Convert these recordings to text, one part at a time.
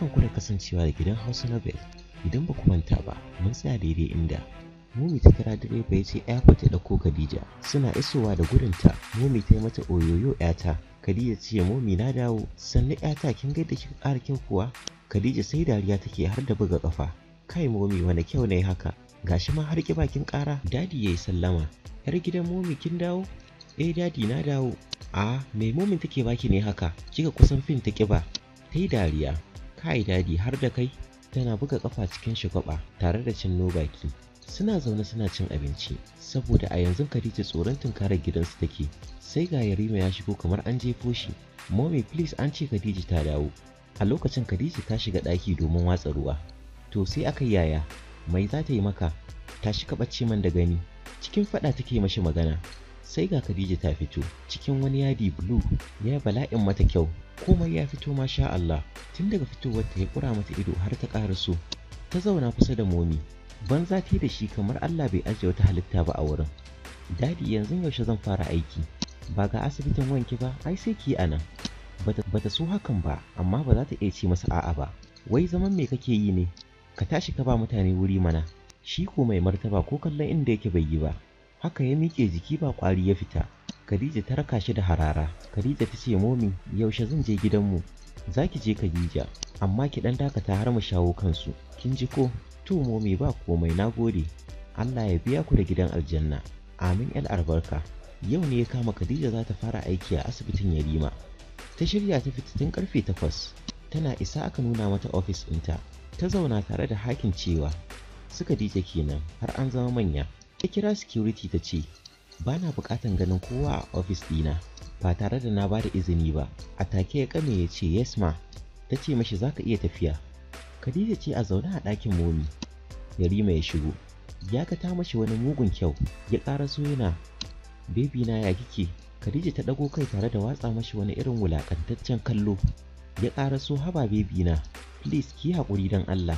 barkan ku da kasancewa da gidan Hausa na Nobel. Idan ba ku manta ba, mun tsaya daidai inda. Momi ta kira direba ya ce airport ta ko Khadija. Suna isowa da gudunta, Momi ta yi mata oyoyo ‘yata. Khadija ce Mumi na dawo, sannan ‘yata kin ga da kin ƙara kyau kuwa? Khadija sai dariya take har da buga ƙafa. Kai Momi wani kyau ne haka, gashi ma har ƙiba kin ƙara. Dadi ya yi sallama. ‘Yar gidan Mumi kin dawo? Eh dadi na dawo. A ah, me Momin take baki ne haka? Kika kusan fim ta ƙiba. Ta yi dariya. kai dadi har da kai tana buga kafa cikin shagwaba tare da cin baki suna zaune suna cin abinci saboda a yanzu Khadija tsoron tunkarar gidansu take sai ga Yarima ya shigo kamar an jefo shi mommy please an ce Khadija ta dawo a lokacin Khadija ta shiga ɗaki domin watsa ruwa to sai aka yaya mai za ta yi maka Ta ka ɓace man da gani cikin faɗa take mashi magana sai ga Khadija ta fito cikin wani yadi blue ya bala'in mata kyau komai ya fito masha Allah tun daga fitowar ta ya kura mata ido har ta so ta zauna kusa da momi ban zafi da shi kamar Allah bai ajiye wata halitta ba a wurin dadi yanzu yaushe zan fara aiki ba ga asibitin wanki ba ai sai ki Ba bata so hakan ba amma ba za ta iya ce masa a'a ba wai zaman me kake yi ne ka tashi ka ba mutane wuri mana shi ko mai martaba ko kallon inda yake bai yi ba haka ya miƙe jiki ba ƙwari ya fita Khadija ta raka shi da harara Khadija ta ce momi yaushe zan je gidanmu za ki je Khadija amma ki ɗan dakata har mu shawo kansu kin ji ko to momi ba komai na gode Allah ya biya ku da gidan aljanna amin yar albarka yau ne ya kama Khadija za ta fara aiki a asibitin Yarima ta shirya ta fita tun karfe takwas tana isa aka nuna mata ofis ɗinta ta zauna tare da hakin cewa Su Khadija kenan har an zama manya ta kira security ta ce ba na bukatan ganin kowa a ofis dina ba tare da na ba da izini ba a take ya kame ya ce yes ma ta ce mashi za ka iya tafiya khadija ce a zaune a ɗakin momi yarima ya shigo ya ga ta mashi wani mugun kyau ya ƙara so yana bebi na ya kike khadija ta ɗago kai tare da watsa mashi wani irin wulaƙantaccen kallo ya ƙara so haba bebi na please ki haƙuri don allah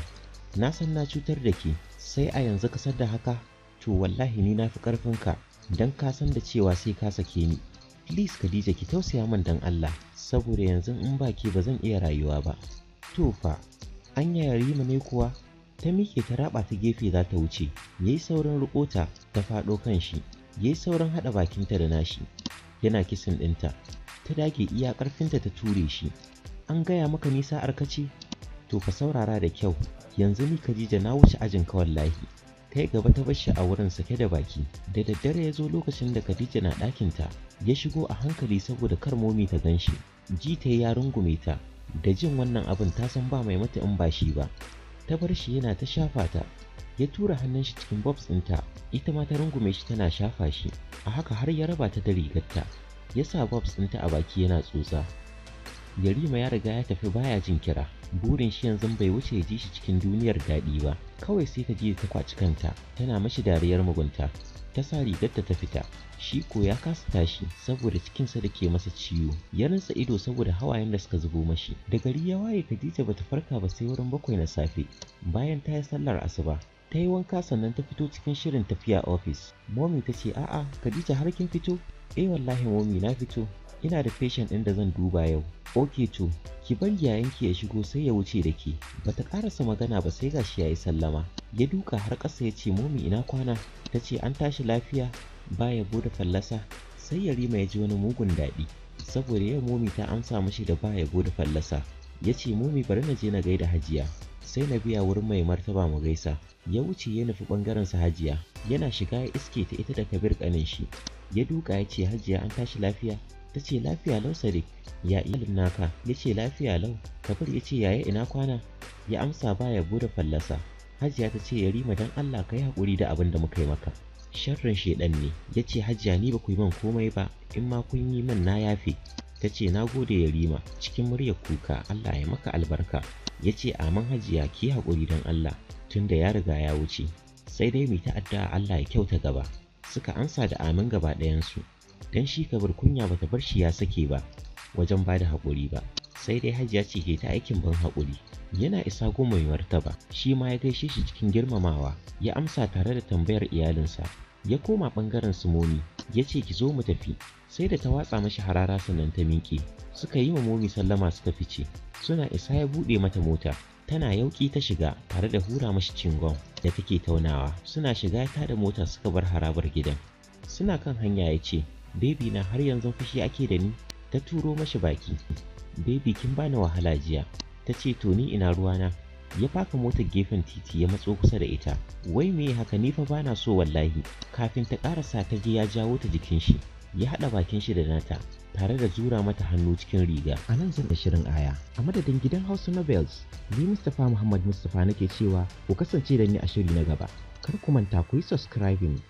na san na cutar da ke sai a yanzu ka da haka to wallahi ni na fi ƙarfin ka don ka san da cewa sai ka sake ni please Khadija ki tausaya min dan Allah saboda yanzu in ba ki ba zan iya rayuwa ba to fa anya yarima ne kuwa ta mike ta raba ta gefe za ta wuce yayi sauran rikota ta faɗo kan shi yayi sauran haɗa bakinta da nashi yana kisin ɗinta ta dage iya ƙarfinta ta ture shi an gaya maka nisa arkace to fa saurara da kyau yanzu ni Khadija na wuce ajin ka wallahi ta yi gaba ta bashi a wurin sake da baki da daddare ya zo lokacin da khadija na ɗakinta ya shigo a hankali saboda kar momi ta gan shi ji ta ya rungume ta da jin wannan abin ta san ba mai mata in ba shi ba ta bar shi yana ta shafa ta ya tura hannun shi cikin bobs ɗinta ita ma ta rungume shi tana shafa shi a haka har ya raba ta da rigarta ya sa bobs ɗinta a baki yana tsotsa Yarima ya riga ya tafi baya jin kira, burin shi yanzu bai wuce ya ji shi cikin duniyar daɗi ba, kawai sai ta ji ta kwaci kanta, tana mashi dariyar mugunta, ta sa rigar ta fita, shi ko ya kasa tashi saboda cikinsa da ke masa ciwo, ya rinsa ido saboda hawayen da suka zubo mashi. Da gari ya waye Khadija bata farka ba sai wurin bakwai na safe, bayan ta yi sallar asuba, ta yi wanka sannan ta fito cikin shirin tafiya ofis. Momi ta ce a'a Khadija har kin fito? Eh wallahi Momi na fito, ina da patient ɗin da zan duba yau ok to ki bar yayanki ya shigo sai ya wuce da ke bata ƙarasa magana ba sai gashi ya yi sallama ya duka har ƙasa ya ce momi ina kwana ta ce an tashi lafiya Ba baya bude fallasa sai ya rima ya ji wani mugun daɗi saboda yau momi ta amsa mashi da ba baya bude fallasa ya ce momi bari na je na gaida hajiya sai na biya wurin mai martaba mu gaisa ya wuce ya nufi ɓangaren sa hajiya yana shiga ya iske ta ita da kabir kanin shi ya duka ya ce hajiya an tashi lafiya ta ce lafiya lau sadiq ya iyalin naka ya ce lafiya lau kabir ya ce yaya ina kwana ya amsa ba ya bude fallasa hajiya ta ce yarima dan allah ka yi haƙuri da abin da muka yi maka sharrin shaidan ne ya ce hajiya ni ba ku yi man komai ba in ma kun yi man na yafe ta ce na gode yarima cikin muryar kuka allah ya maka albarka ya ce aman hajiya ki haƙuri don allah tun da ya riga ya wuce sai dai mu ta'adda allah ya kyauta gaba suka amsa da amin gaba ɗayansu don shi ka bar kunya bata bar shi ya sake ba wajen ba da haƙuri ba sai dai hajiya ce ke ta aikin ban haƙuri yana isa goma mai martaba shi ma ya gaishe shi cikin girmamawa ya amsa tare da tambayar iyalinsa ya koma ɓangaren su momi ya ce ki zo mu tafi sai da ta watsa mashi harara sannan ta miƙe suka yi wa momi sallama suka fice suna isa ya buɗe mata mota tana yauƙi ta shiga tare da hura mashi cingon da take taunawa suna shiga ta da mota suka bar harabar gidan suna kan hanya ya ce Baby na har yanzu fushi ake da ni ta turo mashi baki. Baby kin bani wahala jiya. Ta ce to ni ina ruwana. Ya faka motar gefen titi ya matso kusa da ita. Wai me haka ni fa bana so wallahi. Kafin ta karasa ta ji ya jawo ta jikin shi. ya haɗa bakin shi da nata tare da zura mata hannu cikin riga. A nan zan da shirin aya, a madadin gidan Hausa Novels, ni Mustapha Muhammad Mustapha nake cewa ku kasance da ni a shiri na gaba. Kar ku manta ku yi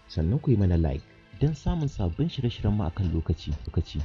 sannan ku yi mana like. don samun sabbin shirye-shiryen mu akan lokaci. lokaci.